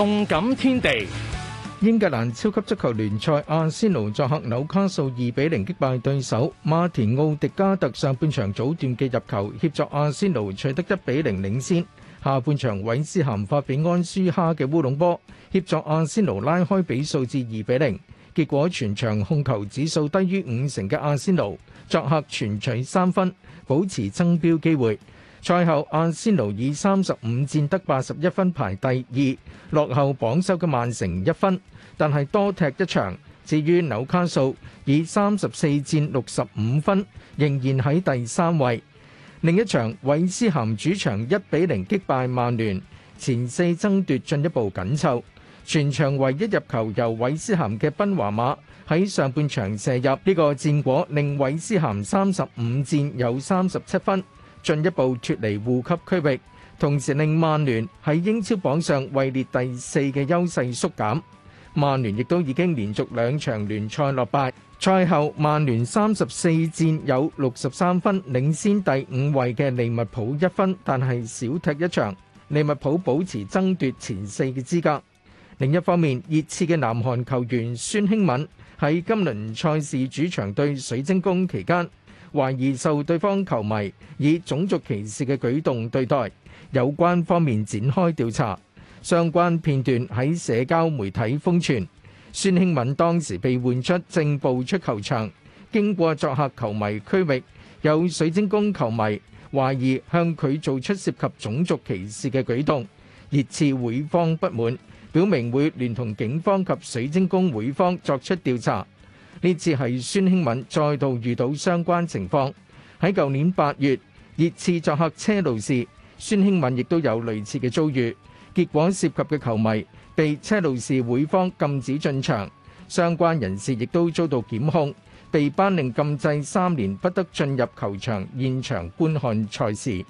動感天地，英格蘭超級足球聯賽，阿仙奴作客紐卡素二比零擊敗對手。馬田奧迪加特上半場早段嘅入球協助阿仙奴取得一比零領先。下半場韋斯咸發俾安舒哈嘅烏龍波協助阿仙奴拉開比數至二比零。結果全場控球指數低於五成嘅阿仙奴作客全取三分，保持爭標機會。賽後，阿仙奴以三十五戰得八十一分，排第二，落後榜首嘅曼城一分，但係多踢一場。至於紐卡素以三十四戰六十五分，仍然喺第三位。另一場，韋斯咸主場一比零擊敗曼聯，前四爭奪進一步緊湊。全場唯一入球由韋斯咸嘅賓華馬喺上半場射入，呢個戰果令韋斯咸三十五戰有三十七分。進一步脫離護級區域，同時令曼聯喺英超榜上位列第四嘅優勢縮減。曼聯亦都已經連續兩場聯賽落敗。賽後，曼聯三十四戰有六十三分，領先第五位嘅利物浦一分，但係少踢一場。利物浦保持爭奪前四嘅資格。另一方面，熱刺嘅南韓球員孫興敏喺今輪賽事主場對水晶宮期間，懷疑受對方球迷以種族歧視嘅舉動對待，有關方面展開調查。相關片段喺社交媒體瘋傳。孫興慜當時被換出，正步出球場，經過作客球迷區域，有水晶宮球迷懷疑向佢做出涉及種族歧視嘅舉動，熱刺會方不滿，表明會聯同警方及水晶宮會方作出調查。呢次係孫興敏再度遇到相關情況。喺舊年八月熱刺作客車路士，孫興敏亦都有類似嘅遭遇。結果涉及嘅球迷被車路士會方禁止進場，相關人士亦都遭到檢控，被頒令禁制三年不得進入球場現場觀看賽事。